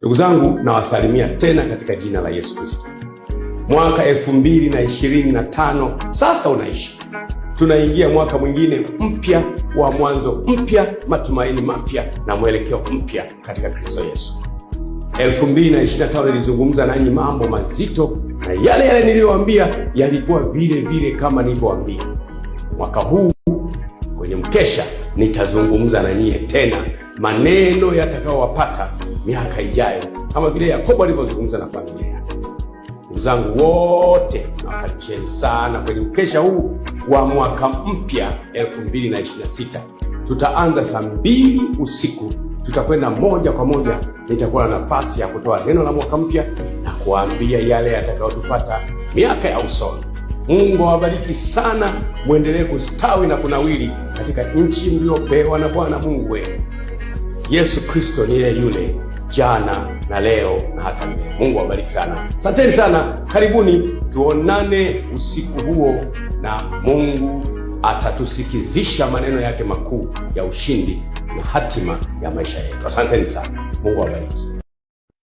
Ndugu zangu, nawasalimia tena katika jina la Yesu Kristo. Mwaka elfu mbili na ishirini na tano sasa unaishi, tunaingia mwaka mwingine mpya wa mwanzo mpya, matumaini mapya na mwelekeo mpya katika Kristo Yesu. elfu mbili na ishirini na tano nilizungumza nanyi mambo mazito, na yale yale niliyowaambia yalikuwa vile vile kama nilivyowaambia. Mwaka huu kwenye mkesha nitazungumza na nyie tena maneno yatakayowapata miaka ijayo, kama vile Yakobo alivyozungumza na familia yake. Ndugu zangu wote, nawakaribisheni sana kwenye mkesha huu wa mwaka mpya 2026. Tutaanza saa mbili usiku, tutakwenda moja kwa moja. Nitakuwa na nafasi ya kutoa neno la mwaka mpya na kuambia yale yatakayotupata miaka ya usoni. Mungu awabariki sana, mwendelee kustawi na kunawili katika nchi mliopewa na Bwana Mungu wenu. Yesu Kristo ni yeye yule jana na leo na hata milele. Mungu awabariki sana, asanteni sana, karibuni, tuonane usiku huo, na Mungu atatusikizisha maneno yake makuu ya ushindi na hatima ya maisha yetu. Asanteni sana, Mungu awabariki.